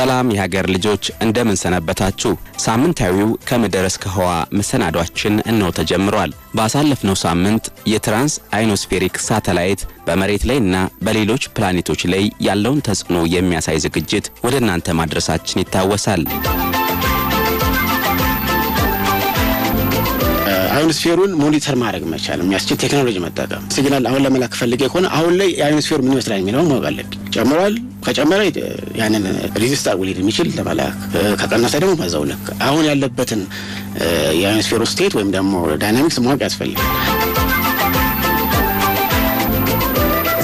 ሰላም የሀገር ልጆች እንደምን ሰነበታችሁ። ሳምንታዊው ከምድር እስከ ህዋ መሰናዷችን እነው ተጀምሯል። ባሳለፍነው ሳምንት የትራንስ አይኖስፌሪክ ሳተላይት በመሬት ላይና በሌሎች ፕላኔቶች ላይ ያለውን ተጽዕኖ የሚያሳይ ዝግጅት ወደ እናንተ ማድረሳችን ይታወሳል። አይኖስፌሩን ሞኒተር ማድረግ መቻል የሚያስችል ቴክኖሎጂ መጠቀም ሲግናል አሁን ለመላክ ፈልጌ ከሆነ አሁን ላይ የአይኖስፌሩ ምን ይመስላል የሚለው ማወቅ አለብ። ጨምሯል ከጨመረ ያንን ሪዚስት አርጎ ሊሄድ የሚችል ለመላክ ከቀነሰ ደግሞ በዛው ልክ አሁን ያለበትን የአይኖስፌሩ ስቴት ወይም ደግሞ ዳይናሚክስ ማወቅ ያስፈልጋል።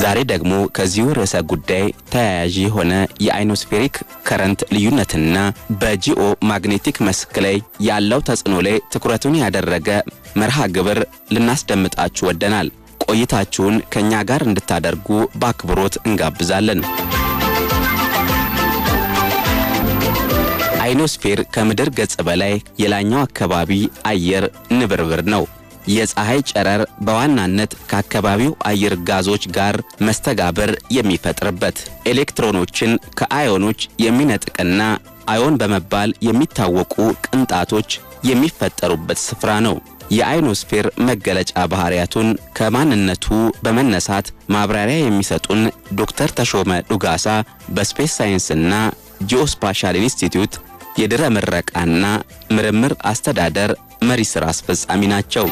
ዛሬ ደግሞ ከዚሁ ርዕሰ ጉዳይ ተያያዥ የሆነ የአይኖስፌሪክ ከረንት ልዩነትና በጂኦ ማግኔቲክ መስክ ላይ ያለው ተጽዕኖ ላይ ትኩረቱን ያደረገ መርሃ ግብር ልናስደምጣችሁ ወደናል። ቆይታችሁን ከእኛ ጋር እንድታደርጉ በአክብሮት እንጋብዛለን። አይኖስፌር ከምድር ገጽ በላይ የላኛው አካባቢ አየር ንብርብር ነው። የፀሐይ ጨረር በዋናነት ከአካባቢው አየር ጋዞች ጋር መስተጋብር የሚፈጥርበት ኤሌክትሮኖችን ከአዮኖች የሚነጥቅና አዮን በመባል የሚታወቁ ቅንጣቶች የሚፈጠሩበት ስፍራ ነው። የአይኖስፌር መገለጫ ባህሪያቱን ከማንነቱ በመነሳት ማብራሪያ የሚሰጡን ዶክተር ተሾመ ዱጋሳ በስፔስ ሳይንስና ጂኦስፓሻል ኢንስቲትዩት የድረ ምረቃና ምርምር አስተዳደር መሪ ሥራ አስፈጻሚ ናቸው።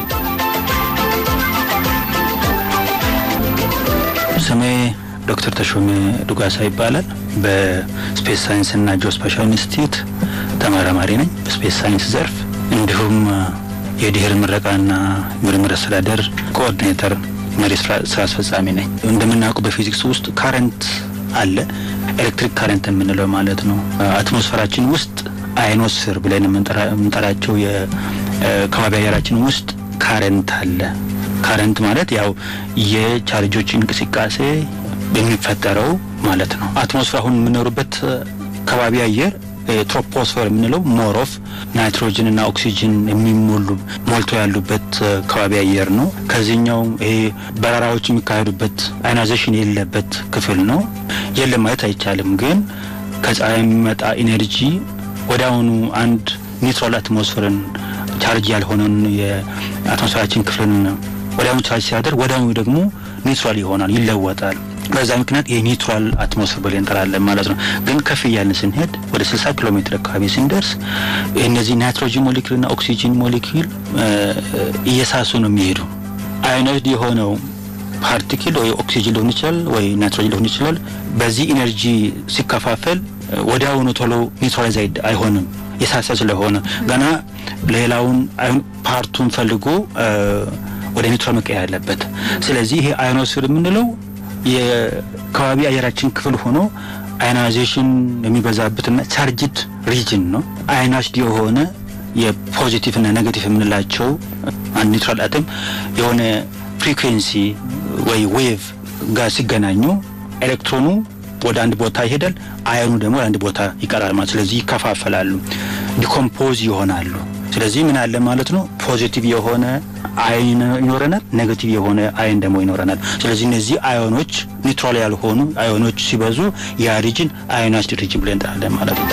ስሜ ዶክተር ተሾሜ ዱጋሳ ይባላል። በስፔስ ሳይንስና ጂኦስፓሻል ኢንስቲትዩት ተመራማሪ ነኝ። በስፔስ ሳይንስ ዘርፍ እንዲሁም የድህር ምረቃና ምርምር አስተዳደር ኮኦርዲኔተር መሪ ስራ አስፈጻሚ ነኝ። እንደምናውቁ በፊዚክስ ውስጥ ካረንት አለ። ኤሌክትሪክ ካረንት የምንለው ማለት ነው። አትሞስፈራችን ውስጥ አይኖስር ብለን የምንጠራቸው ከባቢ አየራችን ውስጥ ካረንት አለ። ካረንት ማለት ያው የቻርጆች እንቅስቃሴ የሚፈጠረው ማለት ነው። አትሞስፌር አሁን የምኖርበት ከባቢ አየር ትሮፖስፌር የምንለው ሞሮፍ ናይትሮጅን እና ኦክሲጅን የሚሞሉ ሞልቶ ያሉበት ከባቢ አየር ነው። ከዚህኛው ይሄ በረራዎች የሚካሄዱበት አይናይዜሽን የለበት ክፍል ነው። የለም ማለት አይቻልም፣ ግን ከፀሐይ የሚመጣ ኢነርጂ ወደ አሁኑ አንድ ኒውትራል አትሞስፌርን ቻርጅ ያልሆነን የአትሞስፌራችን ክፍልን ወዲያውኑ ቻርጅ ሲያደርግ ወዲያውኑ ደግሞ ኒውትራል ይሆናል፣ ይለወጣል። በዛ ምክንያት የኒውትራል አትሞስፌር ብለን እንጠራለን ማለት ነው። ግን ከፍ እያልን ስንሄድ ወደ 60 ኪሎ ሜትር አካባቢ ስንደርስ እነዚህ ናይትሮጂን ሞሊኪልና ኦክሲጂን ሞሊኪል እየሳሱ ነው የሚሄዱ አይነት የሆነው ፓርቲክል ወይ ኦክሲጅን ሊሆን ይችላል ወይ ናይትሮጅን ሊሆን ይችላል። በዚህ ኢነርጂ ሲከፋፈል ወዲያውኑ ቶሎ ኒውትራላይዝ አይሆንም የሳሳ ስለሆነ ገና ሌላውን ፓርቱን ፈልጎ ወደ ኒውትሮን መቀየር ያለበት። ስለዚህ ይሄ አዮኖስፌር የምንለው የከባቢ አየራችን ክፍል ሆኖ አዮናይዜሽን የሚበዛበትና ቻርጅድ ሪጅን ነው። አዮናይዝድ የሆነ የፖዚቲቭ እና ኔጋቲቭ የምንላቸው አንድ ኒውትራል አተም የሆነ ፍሪኩዌንሲ ወይ ዌቭ ጋር ሲገናኙ ኤሌክትሮኑ ወደ አንድ ቦታ ይሄዳል፣ አየኑ ደግሞ ወደ አንድ ቦታ ይቀራል ማለት ስለዚህ ይከፋፈላሉ፣ ዲኮምፖዝ ይሆናሉ። ስለዚህ ምን አለ ማለት ነው ፖዚቲቭ የሆነ አይን ይኖረናል፣ ኔጋቲቭ የሆነ አይን ደግሞ ይኖረናል። ስለዚህ እነዚህ አዮኖች ኒውትራል ያልሆኑ አዮኖች ሲበዙ ያ ሪጅን ሪጅን ብለን እንጠራለን ማለት ነው።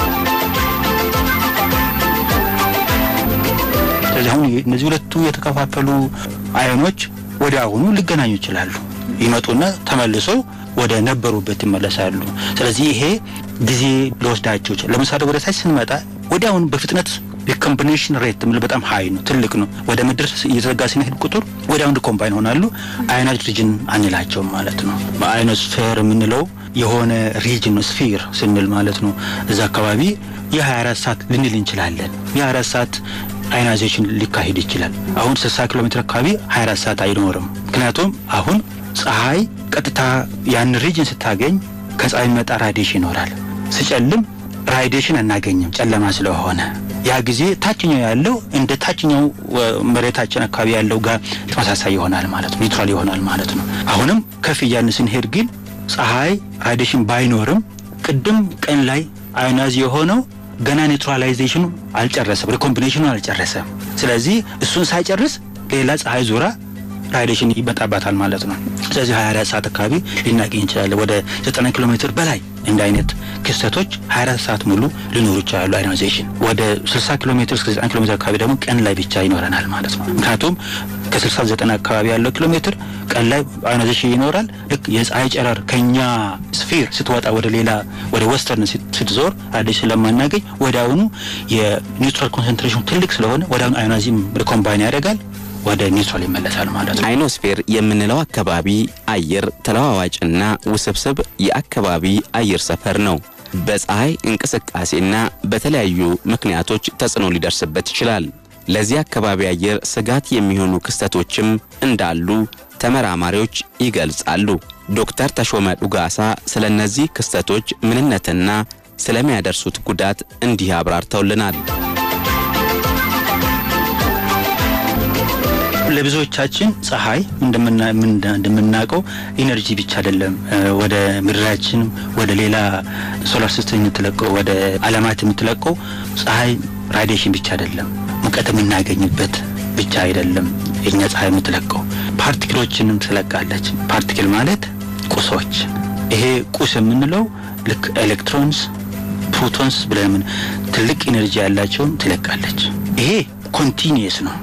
ስለዚህ አሁን እነዚህ ሁለቱ የተከፋፈሉ አዮኖች ወደ አሁኑ ሊገናኙ ይችላሉ። ይመጡና ተመልሰው ወደ ነበሩበት ይመለሳሉ። ስለዚህ ይሄ ጊዜ ሊወስዳቸው ይችላል። ለምሳሌ ወደ ታች ስንመጣ ወዲያውኑ በፍጥነት የኮምቢኔሽን ሬት ምል በጣም ሀይ ነው፣ ትልቅ ነው። ወደ ምድር እየተዘጋ ሲነሄድ ቁጥር ወደ አንድ ኮምባይን ሆናሉ። አይነት ሪጅን አንላቸውም ማለት ነው። በአይኖስፌር የምንለው የሆነ ሪጅን ነው። ስፊር ስንል ማለት ነው። እዛ አካባቢ የ24 ሰዓት ልንል እንችላለን። የ24 ሰዓት አይናይዜሽን ሊካሄድ ይችላል። አሁን 60 ኪሎ ሜትር አካባቢ 24 ሰዓት አይኖርም። ምክንያቱም አሁን ፀሐይ ቀጥታ ያን ሪጅን ስታገኝ ከፀሐይ መጣ ራዲሽ ይኖራል። ስጨልም ራዲሽን አናገኝም ጨለማ ስለሆነ ያ ጊዜ ታችኛው ያለው እንደ ታችኛው መሬታችን አካባቢ ያለው ጋር ተመሳሳይ ይሆናል ማለት ነው፣ ኒውትራል ይሆናል ማለት ነው። አሁንም ከፍ እያን ስንሄድ ግን ፀሐይ ሃይድሬሽን ባይኖርም ቅድም ቀን ላይ አዮናይዝ የሆነው ገና ኒውትራላይዜሽኑ አልጨረሰም፣ ሪኮምቢኔሽኑ አልጨረሰም። ስለዚህ እሱን ሳይጨርስ ሌላ ፀሐይ ዙራ ራዲሽን ይመጣባታል ማለት ነው። ስለዚህ 24 ሰዓት አካባቢ ልናገኝ እንችላለን። ወደ 90 ኪሎ ሜትር በላይ እንደ አይነት ክስተቶች 24 ሰዓት ሙሉ ሊኖሩ ይችላሉ። አይናይዜሽን ወደ 60 ኪሎ ሜትር እስከ 90 ኪሎ ሜትር አካባቢ ደግሞ ቀን ላይ ብቻ ይኖረናል ማለት ነው። ምክንያቱም ከ60 90 አካባቢ ያለው ኪሎ ሜትር ቀን ላይ አይናይዜሽን ይኖራል። ልክ የፀሐይ ጨረር ከኛ ስፊር ስትወጣ ወደ ሌላ ወደ ወስተርን ስትዞር አዲስ ስለማናገኝ ወዲያውኑ የኒውትራል ኮንሰንትሬሽን ትልቅ ስለሆነ ወዲያውኑ አዮናይዝም ሪኮምባይን ያደርጋል። ወደ ኒውትራል ይመለሳል ማለት ነው። አይኖስፌር የምንለው አካባቢ አየር ተለዋዋጭና ውስብስብ የአካባቢ አየር ሰፈር ነው። በፀሐይ እንቅስቃሴና በተለያዩ ምክንያቶች ተጽዕኖ ሊደርስበት ይችላል። ለዚህ አካባቢ አየር ስጋት የሚሆኑ ክስተቶችም እንዳሉ ተመራማሪዎች ይገልጻሉ። ዶክተር ተሾመ ዱጋሳ ስለ እነዚህ ክስተቶች ምንነትና ስለሚያደርሱት ጉዳት እንዲህ አብራርተውልናል። ለብዙዎቻችን ፀሐይ እንደምናውቀው ኢነርጂ ብቻ አይደለም ወደ ምድራችን ወደ ሌላ ሶላር ሲስተም የምትለቀው ወደ አለማት የምትለቀው ፀሐይ ራዲሽን ብቻ አይደለም፣ ሙቀት የምናገኝበት ብቻ አይደለም። የኛ ፀሐይ የምትለቀው ፓርቲክሎችንም ትለቃለች። ፓርቲክል ማለት ቁሶች። ይሄ ቁስ የምንለው ልክ ኤሌክትሮንስ፣ ፕሮቶንስ ብለምን ትልቅ ኢነርጂ ያላቸውን ትለቃለች። ይሄ ኮንቲኒየስ ነው።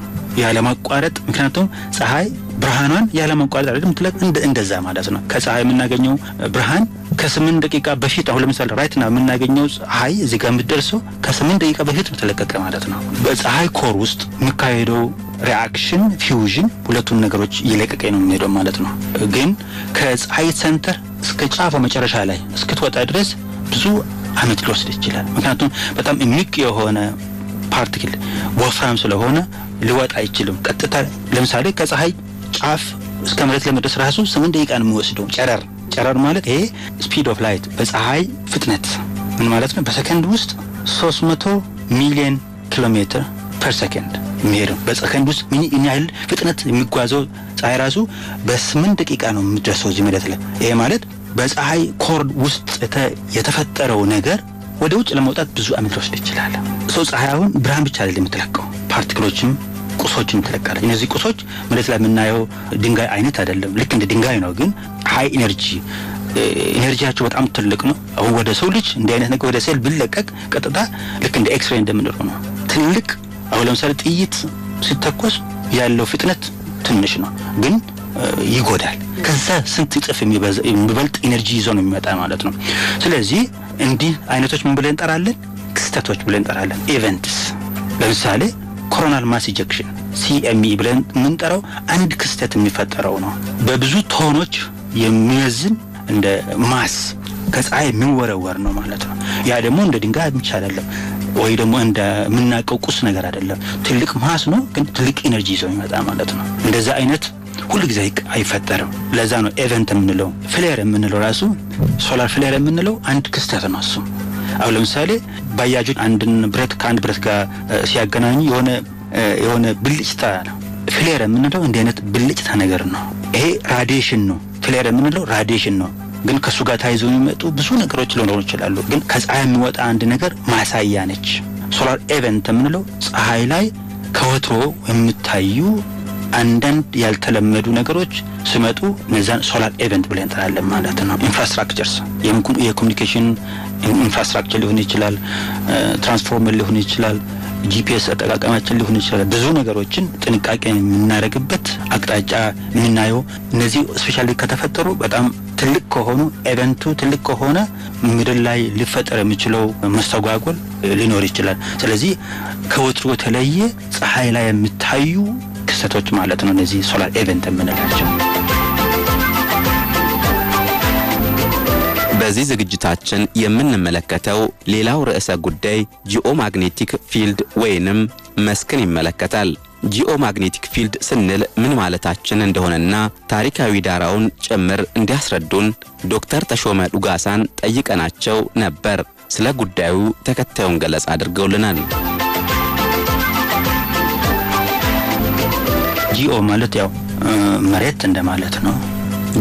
ያለማቋረጥ ምክንያቱም ፀሐይ ብርሃኗን ያለማቋረጥ አይደለም ትለቅ እንደዛ ማለት ነው። ከፀሐይ የምናገኘው ብርሃን ከስምንት ደቂቃ በፊት አሁን ለምሳሌ ራይት ና የምናገኘው ፀሐይ እዚህ ጋር የምትደርሰው ከስምንት ደቂቃ በፊት ተለቀቀ ማለት ነው። በፀሐይ ኮር ውስጥ የሚካሄደው ሪአክሽን ፊውዥን ሁለቱን ነገሮች እየለቀቀ ነው የሚሄደው ማለት ነው። ግን ከፀሐይ ሰንተር እስከ ጫፈ መጨረሻ ላይ እስክትወጣ ድረስ ብዙ አመት ሊወስድ ይችላል። ምክንያቱም በጣም ሚቅ የሆነ ፓርቲክል ወፍራም ስለሆነ ሊወጣ አይችልም። ቀጥታ ለምሳሌ ከፀሐይ ጫፍ እስከ መሬት ለመድረስ ራሱ ስምንት ደቂቃ ነው የሚወስደው። ጨረር ጨረር ማለት ይሄ ስፒድ ኦፍ ላይት በፀሐይ ፍጥነት ምን ማለት ነው? በሰከንድ ውስጥ 300 ሚሊዮን ኪሎ ሜትር ፐር ሰከንድ የሚሄደው በሰከንድ ውስጥ ምን ያህል ፍጥነት የሚጓዘው ፀሐይ ራሱ በስምንት ደቂቃ ነው የሚደርሰው እዚህ መሬት ላይ። ይሄ ማለት በፀሐይ ኮርድ ውስጥ የተፈጠረው ነገር ወደ ውጭ ለመውጣት ብዙ አመት ሊወስድ ይችላል። ሰው ፀሐይ አሁን ብርሃን ብቻ አይደለም የምትለቀው ፓርቲክሎችም ቁሶች ተለቀረ። እነዚህ ቁሶች መሬት ላይ የምናየው ድንጋይ አይነት አይደለም። ልክ እንደ ድንጋይ ነው፣ ግን ሀይ ኢነርጂ ኢነርጂያቸው በጣም ትልቅ ነው። አሁን ወደ ሰው ልጅ እንዲህ አይነት ነገር ወደ ሴል ብለቀቅ ቀጥታ ልክ እንደ ኤክስሬ እንደምንለው ነው ትልቅ። አሁን ለምሳሌ ጥይት ሲተኮስ ያለው ፍጥነት ትንሽ ነው፣ ግን ይጎዳል። ከዛ ስንት እጥፍ የሚበልጥ ኢነርጂ ይዞ ነው የሚመጣ ማለት ነው። ስለዚህ እንዲህ አይነቶች ምን ብለን እንጠራለን? ክስተቶች ብለን እንጠራለን። ኢቨንትስ ለምሳሌ ኮሮናል ማስ ኢጀክሽን ሲኤምኢ ብለን የምንጠራው አንድ ክስተት የሚፈጠረው ነው። በብዙ ቶኖች የሚመዝን እንደ ማስ ከፀሐይ የሚወረወር ነው ማለት ነው። ያ ደግሞ እንደ ድንጋይ ብቻ አይደለም፣ ወይ ደግሞ እንደምናውቀው ቁስ ነገር አይደለም። ትልቅ ማስ ነው፣ ግን ትልቅ ኢነርጂ ይዞ ይመጣ ማለት ነው። እንደዛ አይነት ሁሉ ጊዜ አይፈጠርም። ለዛ ነው ኤቨንት የምንለው። ፍሌር የምንለው ራሱ ሶላር ፍሌር የምንለው አንድ ክስተት ነው እሱም አሁን ለምሳሌ ባያጆች አንድን ብረት ከአንድ ብረት ጋር ሲያገናኙ የሆነ የሆነ ብልጭታ ነው። ፍሌር የምንለው እንዲህ አይነት ብልጭታ ነገር ነው። ይሄ ራዲሽን ነው። ፍሌር የምንለው ራዲሽን ነው። ግን ከእሱ ጋር ታይዞ የሚመጡ ብዙ ነገሮች ሊኖሩ ይችላሉ። ግን ከፀሐይ የሚወጣ አንድ ነገር ማሳያ ነች። ሶላር ኤቨንት የምንለው ፀሐይ ላይ ከወትሮ የሚታዩ አንዳንድ ያልተለመዱ ነገሮች ሲመጡ እነዛን ሶላር ኤቨንት ብለን እንጠራለን ማለት ነው። ኢንፍራስትራክቸርስ የኮሚኒኬሽን ኢንፍራስትራክቸር ሊሆን ይችላል፣ ትራንስፎርመር ሊሆን ይችላል፣ ጂፒኤስ አጠቃቀማችን ሊሆን ይችላል። ብዙ ነገሮችን ጥንቃቄ የምናደርግበት አቅጣጫ የምናየው እነዚህ ስፔሻሊ ከተፈጠሩ በጣም ትልቅ ከሆኑ ኤቨንቱ ትልቅ ከሆነ ምድር ላይ ሊፈጠር የሚችለው መስተጓጎል ሊኖር ይችላል። ስለዚህ ከወትሮ የተለየ ፀሐይ ላይ የሚታዩ ክስተቶች ማለት ነው። እነዚህ ሶላር ኤቨንት የምንላቸው በዚህ ዝግጅታችን የምንመለከተው ሌላው ርዕሰ ጉዳይ ጂኦ ማግኔቲክ ፊልድ ወይንም መስክን ይመለከታል። ጂኦ ማግኔቲክ ፊልድ ስንል ምን ማለታችን እንደሆነና ታሪካዊ ዳራውን ጭምር እንዲያስረዱን ዶክተር ተሾመ ዱጋሳን ጠይቀናቸው ነበር። ስለ ጉዳዩ ተከታዩን ገለጻ አድርገውልናል። ጂኦ ማለት ያው መሬት እንደማለት ነው።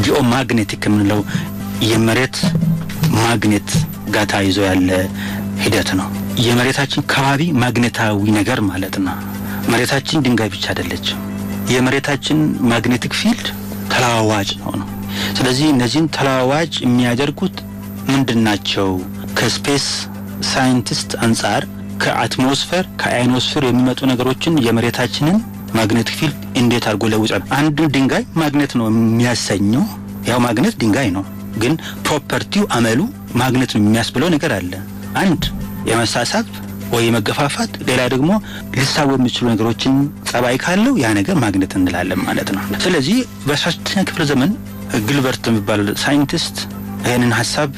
ጂኦ ማግኔቲክ የምንለው የመሬት ማግኔት ጋር ተያይዞ ያለ ሂደት ነው። የመሬታችን ከባቢ ማግኔታዊ ነገር ማለት ነው። መሬታችን ድንጋይ ብቻ አይደለችም። የመሬታችን ማግኔቲክ ፊልድ ተለዋዋጭ ነው ነው። ስለዚህ እነዚህን ተለዋዋጭ የሚያደርጉት ምንድን ናቸው? ከስፔስ ሳይንቲስት አንጻር ከአትሞስፌር ከአይኖስፌር የሚመጡ ነገሮችን የመሬታችንን ማግኔቲክ ፊልድ እንዴት አድርጎ ለውጫ አንዱ ድንጋይ ማግኔት ነው የሚያሰኘው። ያው ማግኔት ድንጋይ ነው፣ ግን ፕሮፐርቲው አመሉ ማግኔት ነው የሚያስብለው ነገር አለ። አንድ የመሳሳብ ወይ የመገፋፋት፣ ሌላ ደግሞ ሊሳቡ የሚችሉ ነገሮችን ጸባይ ካለው ያ ነገር ማግኔት እንላለን ማለት ነው። ስለዚህ በሶስተኛ ክፍለ ዘመን ግልበርት የሚባል ሳይንቲስት ይህንን ሀሳብ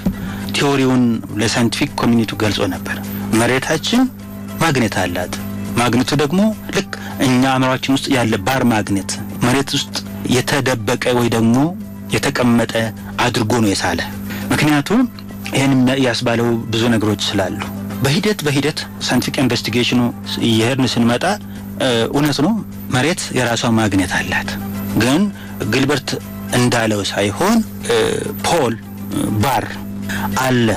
ቴዎሪውን ለሳይንቲፊክ ኮሚኒቲው ገልጾ ነበር። መሬታችን ማግኔት አላት ማግኔቱ ደግሞ ልክ እኛ አእምሯችን ውስጥ ያለ ባር ማግኔት መሬት ውስጥ የተደበቀ ወይ ደግሞ የተቀመጠ አድርጎ ነው የሳለ። ምክንያቱም ይህን ያስባለው ብዙ ነገሮች ስላሉ በሂደት በሂደት ሳይንቲፊክ ኢንቨስቲጌሽኑ እየሄድን ስንመጣ እውነት ነው መሬት የራሷ ማግኔት አላት። ግን ግልበርት እንዳለው ሳይሆን ፖል ባር አለ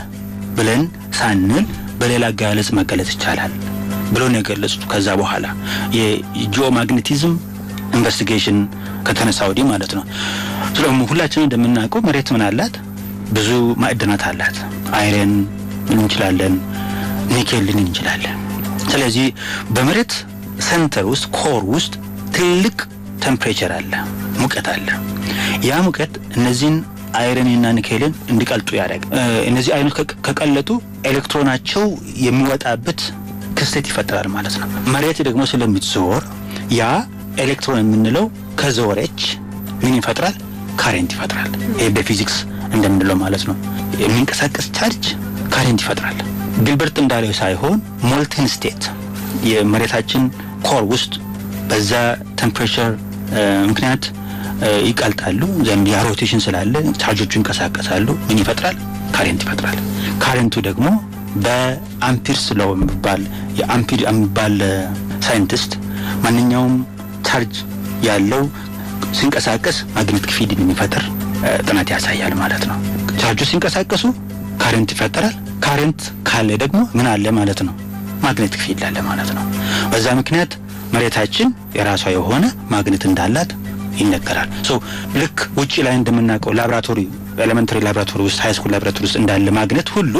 ብለን ሳንል በሌላ አገላለጽ መገለጽ ይቻላል። ብለው ነው የገለጹት። ከዛ በኋላ የጂኦ ማግኔቲዝም ኢንቨስቲጌሽን ከተነሳ ወዲህ ማለት ነው። ስለሆነ ሁላችንም እንደምናውቀው መሬት ምን አላት? ብዙ ማዕድናት አላት። አይረን እንችላለን፣ ኒኬል እንችላለን። ስለዚህ በመሬት ሰንተር ውስጥ ኮር ውስጥ ትልቅ ቴምፕሬቸር አለ፣ ሙቀት አለ። ያ ሙቀት እነዚህን አይረንና ኒኬልን እንዲቀልጡ ያደርጋል። እነዚህ አይነት ከቀለጡ ኤሌክትሮናቸው የሚወጣበት ክስተት ይፈጠራል ማለት ነው። መሬት ደግሞ ስለምትዘወር ያ ኤሌክትሮን የምንለው ከዞረች ምን ይፈጥራል? ካሬንት ይፈጥራል። ይህ በፊዚክስ እንደምንለው ማለት ነው። የሚንቀሳቀስ ቻርጅ ካሬንት ይፈጥራል። ግልበርት እንዳለው ሳይሆን ሞልተን ስቴት የመሬታችን ኮር ውስጥ በዛ ቴምፕሬቸር ምክንያት ይቀልጣሉ። ዘንድ ያ ሮቴሽን ስላለ ቻርጆቹ ይንቀሳቀሳሉ። ምን ይፈጥራል? ካሬንት ይፈጥራል። ካሬንቱ ደግሞ በአምፒር ስለው የሚባል የአምፒር የሚባል ሳይንቲስት ማንኛውም ቻርጅ ያለው ሲንቀሳቀስ ማግኔቲክ ፊልድ የሚፈጥር ጥናት ያሳያል ማለት ነው። ቻርጁ ሲንቀሳቀሱ ካረንት ይፈጠራል። ካረንት ካለ ደግሞ ምን አለ ማለት ነው? ማግኔቲክ ፊልድ አለ ማለት ነው። በዛ ምክንያት መሬታችን የራሷ የሆነ ማግኔት እንዳላት ይነገራል። ሶ ልክ ውጭ ላይ እንደምናውቀው ላብራቶሪ ኤሌመንታሪ ላብራቶሪ ውስጥ ሃይስኩል ላብራቶሪ ውስጥ እንዳለ ማግኔት ሁሉ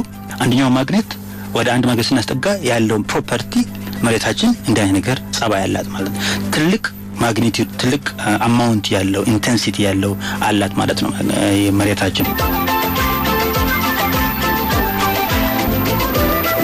አንደኛው ማግኔት ወደ አንድ ማግኔት ስናስጠጋ ያለውን ፕሮፐርቲ መሬታችን እንዲህ አይነት ነገር ጸባይ አላት ማለት ነው። ትልቅ ማግኒቲዩድ ትልቅ አማውንት ያለው ኢንቴንሲቲ ያለው አላት ማለት ነው መሬታችን።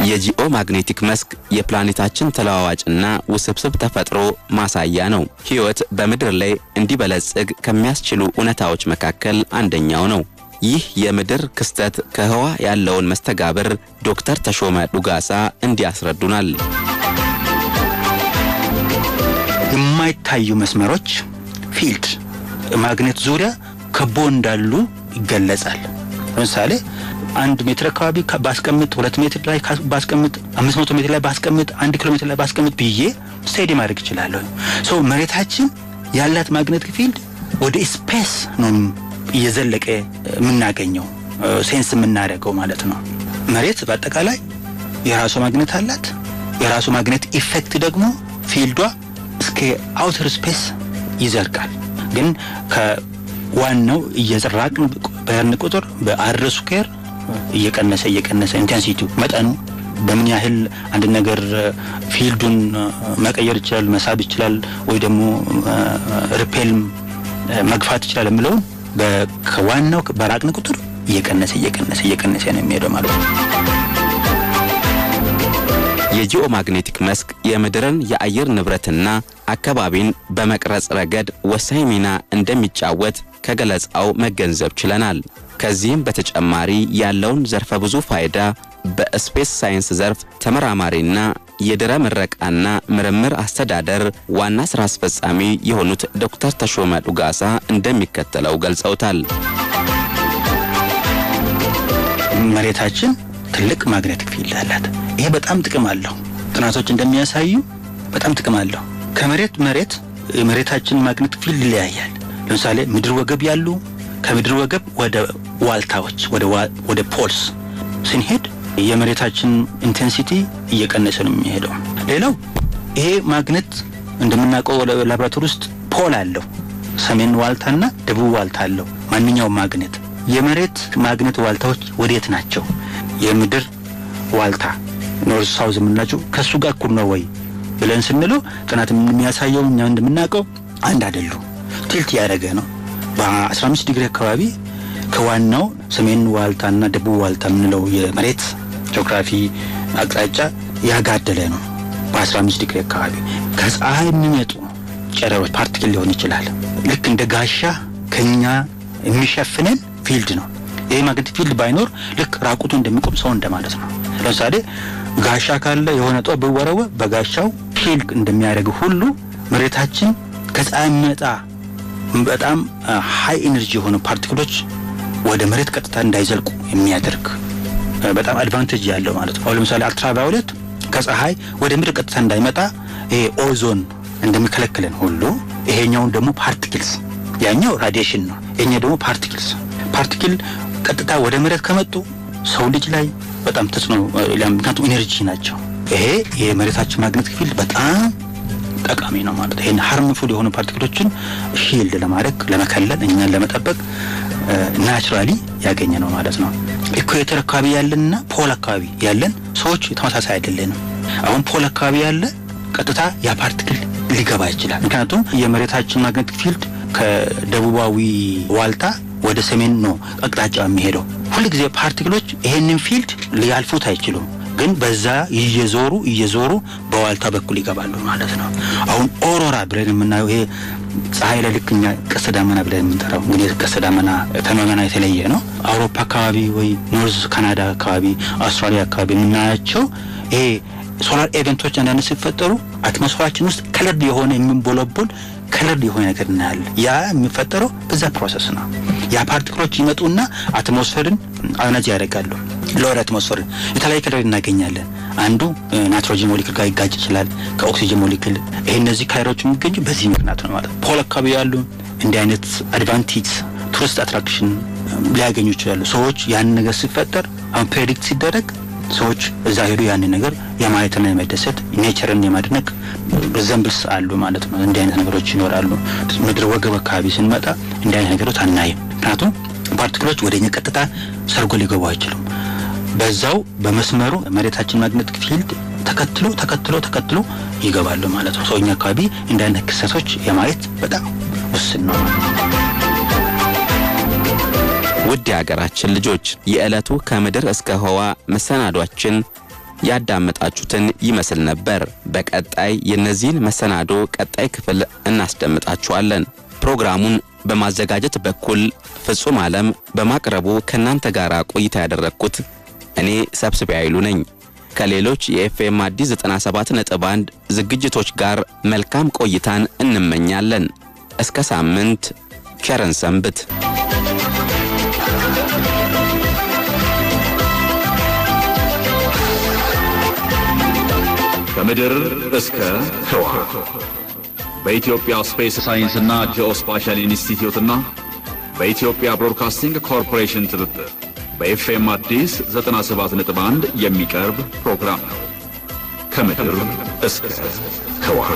የጂኦ ማግኔቲክ መስክ የፕላኔታችን ተለዋዋጭና ውስብስብ ተፈጥሮ ማሳያ ነው። ሕይወት በምድር ላይ እንዲበለጽግ ከሚያስችሉ እውነታዎች መካከል አንደኛው ነው። ይህ የምድር ክስተት ከህዋ ያለውን መስተጋብር ዶክተር ተሾመ ዱጋሳ እንዲያስረዱናል። የማይታዩ መስመሮች ፊልድ ማግኔት ዙሪያ ከቦ እንዳሉ ይገለጻል። ለምሳሌ አንድ ሜትር አካባቢ ባስቀምጥ፣ ሁለት ሜትር ላይ ባስቀምጥ፣ አምስት መቶ ሜትር ላይ ባስቀምጥ፣ አንድ ኪሎ ሜትር ላይ ባስቀምጥ ብዬ ስቴዲ ማድረግ ይችላለሁ። ሰው መሬታችን ያላት ማግኔት ፊልድ ወደ ስፔስ ነው እየዘለቀ የምናገኘው ሴንስ የምናደርገው ማለት ነው። መሬት በአጠቃላይ የራሷ ማግኔት አላት። የራሱ ማግኔት ኢፌክት ደግሞ ፊልዷ እስከ አውተር ስፔስ ይዘርጋል። ግን ከዋናው እየዘራቅን በርን ቁጥር በአድረሱ ኬር እየቀነሰ እየቀነሰ ኢንቴንሲቲ መጠኑ በምን ያህል አንድ ነገር ፊልዱን መቀየር ይችላል፣ መሳብ ይችላል፣ ወይ ደግሞ ሪፔል መግፋት ይችላል የምለውን ከዋናው በራቅን ቁጥር እየቀነሰ እየቀነሰ እየቀነሰ ነው የሚሄደው ማለት ነው። የጂኦ ማግኔቲክ መስክ የምድርን የአየር ንብረትና አካባቢን በመቅረጽ ረገድ ወሳኝ ሚና እንደሚጫወት ከገለጻው መገንዘብ ችለናል። ከዚህም በተጨማሪ ያለውን ዘርፈ ብዙ ፋይዳ በስፔስ ሳይንስ ዘርፍ ተመራማሪና የድህረ ምረቃና ምርምር አስተዳደር ዋና ስራ አስፈጻሚ የሆኑት ዶክተር ተሾመ ዱጋሳ እንደሚከተለው ገልጸውታል። መሬታችን ትልቅ ማግኔቲክ ፊልድ አላት። ይሄ በጣም ጥቅም አለው። ጥናቶች እንደሚያሳዩ በጣም ጥቅም አለው። ከመሬት መሬት የመሬታችን ማግኔቲክ ፊልድ ይለያያል። ለምሳሌ ምድር ወገብ ያሉ ከምድር ወገብ ወደ ዋልታዎች ወደ ፖልስ ስንሄድ የመሬታችን ኢንቴንሲቲ እየቀነሰ ነው የሚሄደው። ሌላው ይሄ ማግኔት እንደምናውቀው ላብራቶሪ ውስጥ ፖል አለው። ሰሜን ዋልታና ደቡብ ዋልታ አለው። ማንኛውም ማግኔት የመሬት ማግኔት ዋልታዎች ወዴት ናቸው? የምድር ዋልታ ኖርዝ ሳውዝ የምንላቸው ከእሱ ጋር እኩል ነው ወይ ብለን ስንለው ጥናት የሚያሳየው እኛ እንደምናውቀው አንድ አይደሉም። ቲልት ያደረገ ነው። በ15 ዲግሪ አካባቢ ከዋናው ሰሜን ዋልታና ደቡብ ዋልታ የምንለው የመሬት ጂኦግራፊ አቅጣጫ ያጋደለ ነው። በ15 ዲግሪ አካባቢ ከፀሐይ የሚመጡ ጨረሮች ፓርቲክል ሊሆን ይችላል። ልክ እንደ ጋሻ ከኛ የሚሸፍንን ፊልድ ነው። ይህ ማግኔቲክ ፊልድ ባይኖር ልክ ራቁቱ እንደሚቆም ሰው እንደማለት ነው። ለምሳሌ ጋሻ ካለ የሆነ ጦር ብወረወ በጋሻው ፊልድ እንደሚያደርግ ሁሉ መሬታችን ከፀሐይ የሚመጣ በጣም ሀይ ኢነርጂ የሆኑ ፓርቲክሎች ወደ መሬት ቀጥታ እንዳይዘልቁ የሚያደርግ በጣም አድቫንቴጅ ያለው ማለት ነው። አሁን ለምሳሌ አልትራቫዮሌት ከፀሐይ ወደ ምድር ቀጥታ እንዳይመጣ ይሄ ኦዞን እንደሚከለክለን ሁሉ ይሄኛውን ደግሞ ፓርቲክልስ፣ ያኛው ራዲሽን ነው፣ ይሄኛው ደግሞ ፓርቲክልስ። ፓርቲክል ቀጥታ ወደ መሬት ከመጡ ሰው ልጅ ላይ በጣም ተጽዕኖ፣ ምክንያቱም ኢነርጂ ናቸው። ይሄ የመሬታችን ማግኔቲክ ፊልድ በጣም ጠቃሚ ነው ማለት ነው። ይህን ሀርምፉል የሆኑ ፓርቲክሎችን ሺልድ ለማድረግ ለመከለል፣ እኛን ለመጠበቅ ናቹራሊ ያገኘ ነው ማለት ነው። ኢኩዌተር አካባቢ ያለንና ፖል አካባቢ ያለን ሰዎች ተመሳሳይ አይደለንም። አሁን ፖል አካባቢ ያለ ቀጥታ ያ ሊገባ ይችላል። ምክንያቱም የመሬታችን ማግኔቲክ ፊልድ ከደቡባዊ ዋልታ ወደ ሰሜን ነው አቅጣጫ የሚሄደው። ሁልጊዜ ፓርቲክሎች ይሄንን ፊልድ ሊያልፉት አይችሉም፣ ግን በዛ እየዞሩ እየዞሩ በዋልታ በኩል ይገባሉ ማለት ነው። አሁን ኦሮራ ብለን የምናየው ይሄ ፀሐይ ለልክኛ ቀስተ ዳመና ብለን የምንጠራው እንግዲህ ቀስተ ዳመና ከመመና የተለየ ነው። አውሮፓ አካባቢ ወይ ኖርዝ ካናዳ አካባቢ፣ አውስትራሊያ አካባቢ የምናያቸው ይሄ ሶላር ኤቨንቶች አንዳንድ ሲፈጠሩ አትሞስፈራችን ውስጥ ከለድ የሆነ የሚንቦለቦል ከለድ የሆነ ነገር እናያለን። ያ የሚፈጠረው በዛ ፕሮሰስ ነው። ያ ፓርቲክሎች ይመጡና አትሞስፌርን አነዚ ያደርጋሉ። ሎወር አትሞስፌርን የተለያየ ከለር እናገኛለን። አንዱ ናይትሮጂን ሞሊክል ጋር ይጋጭ ይችላል ከኦክሲጅን ሞሊክል። ይሄ እነዚህ ካይሮች የሚገኙ በዚህ ምክንያት ነው ማለት ፖል አካባቢ ያሉ እንዲህ አይነት አድቫንቴጅ ቱሪስት አትራክሽን ሊያገኙ ይችላሉ። ሰዎች ያን ነገር ሲፈጠር አሁን ፕሬዲክት ሲደረግ ሰዎች እዛ ሄዱ ያንን ነገር የማየትና የመደሰት ኔቸርን የማድነቅ ዘንብልስ አሉ ማለት ነው። እንዲህ አይነት ነገሮች ይኖራሉ። ምድር ወገብ አካባቢ ስንመጣ እንዲህ አይነት ነገሮች አናይም። ምክንያቱም ፓርቲክሎች ወደ ቀጥታ ሰርጎ ሊገቡ አይችሉም። በዛው በመስመሩ መሬታችን ማግኔቲክ ፊልድ ተከትሎ ተከትሎ ተከትሎ ይገባሉ ማለት ነው። ሰውኛ አካባቢ እንደ አይነት ክስተቶች የማየት በጣም ውስን ነው። ውድ የሀገራችን ልጆች የዕለቱ ከምድር እስከ ህዋ መሰናዷችን ያዳመጣችሁትን ይመስል ነበር። በቀጣይ የእነዚህን መሰናዶ ቀጣይ ክፍል እናስደምጣችኋለን። ፕሮግራሙን በማዘጋጀት በኩል ፍጹም ዓለም በማቅረቡ ከእናንተ ጋር ቆይታ ያደረግኩት እኔ ሰብስቤ አይሉ ነኝ። ከሌሎች የኤፍኤም አዲስ 97 ነጥብ 1 ዝግጅቶች ጋር መልካም ቆይታን እንመኛለን። እስከ ሳምንት ቸርን ሰንብት። ከምድር እስከ ህዋ በኢትዮጵያ ስፔስ ሳይንስና ጂኦስፓሻል ኢንስቲትዩትና በኢትዮጵያ ብሮድካስቲንግ ኮርፖሬሽን ትብብር በኤፍኤም አዲስ 97.1 የሚቀርብ ፕሮግራም ነው። ከምድር እስከ ህዋ